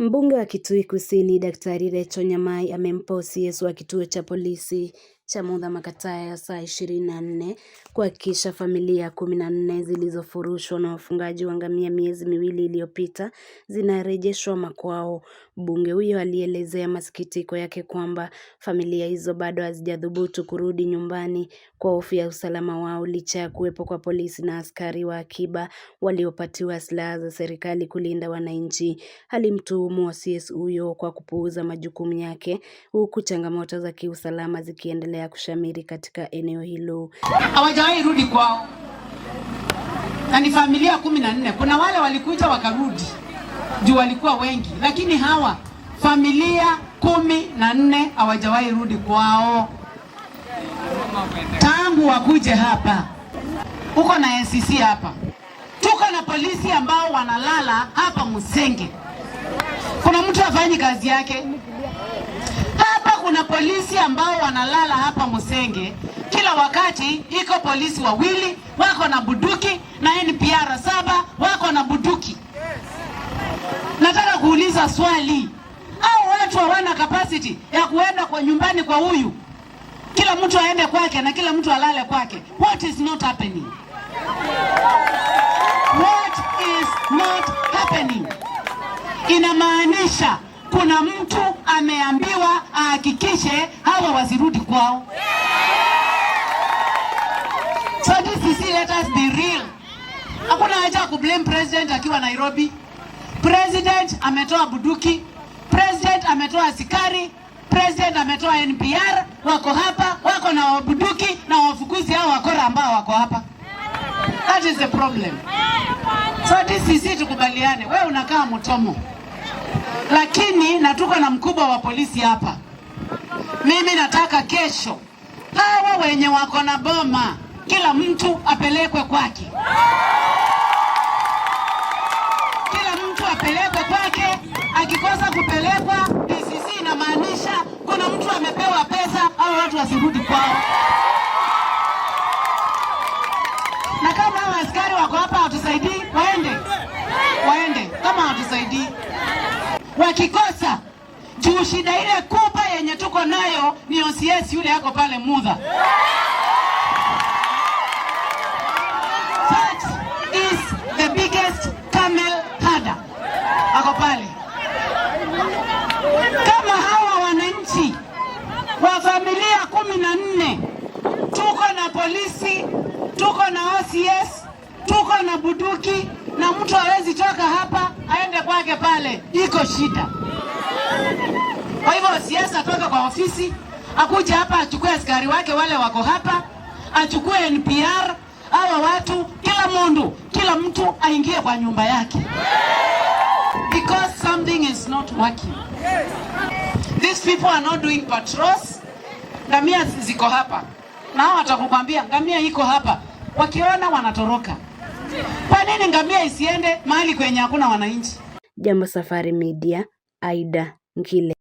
Mbunge wa Kitui Kusini Daktari Recho Nyamai amempa OCS wa kituo cha polisi cha muda makataa ya saa ishirini na nne kuhakikisha familia kumi na nne zilizofurushwa na wafungaji wa ngamia miezi miwili iliyopita zinarejeshwa makwao. Mbunge huyo alielezea masikitiko yake kwamba familia hizo bado hazijathubutu kurudi nyumbani kwa hofu ya usalama wao licha ya kuwepo kwa polisi na askari wa akiba waliopatiwa silaha za serikali kulinda wananchi. Alimtuhumu OCS huyo kwa kupuuza majukumu yake huku changamoto za kiusalama zikiendelea yanaendelea kushamiri katika eneo hilo. Hawajawahi rudi kwao na ni familia kumi na nne. Kuna wale walikuja wakarudi juu walikuwa wengi, lakini hawa familia kumi na nne hawajawahi rudi kwao tangu wakuje hapa. Uko na NCC hapa, tuko na polisi ambao wanalala hapa Musenge. Kuna mtu afanye kazi yake? Hapa kuna polisi ambao wanalala hapa Musenge kila wakati, iko polisi wawili wako na buduki na NPR saba wako na buduki. Nataka kuuliza swali, au watu hawana capacity ya kuenda kwa nyumbani kwa huyu? Kila mtu aende kwake na kila mtu alale kwake. What is not happening? What is not happening? Inamaanisha kuna mtu ameambiwa ahakikishe hawa wasirudi kwao. So this is it, let us be real. Hakuna haja kublame president akiwa Nairobi. President ametoa buduki, president ametoa askari, president ametoa NPR, wako hapa, wako na wabuduki na wafukuzi hao wakora ambao wako hapa. That is the problem. So this is it, tukubaliane. Wewe unakaa Mutomo. lakini na tuko na mkubwa wa polisi hapa. Mimi nataka kesho hawa wenye wako na boma kila mtu apelekwe kwake, kila mtu apelekwe kwake. Akikosa kupelekwa PCC, inamaanisha kuna mtu amepewa pesa, au watu wasirudi kwao. Na kama hawa askari wako hapa hawatusaidii, waende waende, kama hawatusaidii wakikosa juu shida ile kuu yenye tuko nayo ni OCS yule yako pale Mudha. That is the biggest camel herder ako pale. Kama hawa wananchi wa familia kumi na nne tuko na polisi, tuko na OCS, tuko na buduki na mtu hawezi toka hapa aende kwake pale, iko shida. Kwa hivyo siasa atoka kwa ofisi akuja hapa achukue askari wake wale wako hapa, achukue NPR hawa watu, kila mundu, kila mtu aingie kwa nyumba yake, because something is not working. These people are not doing patrols. Ngamia ziko hapa na nao watakukwambia ngamia iko hapa, wakiona wanatoroka. Kwa nini ngamia isiende mahali kwenye hakuna wananchi? Jambo Safari Media, Aida Ngile.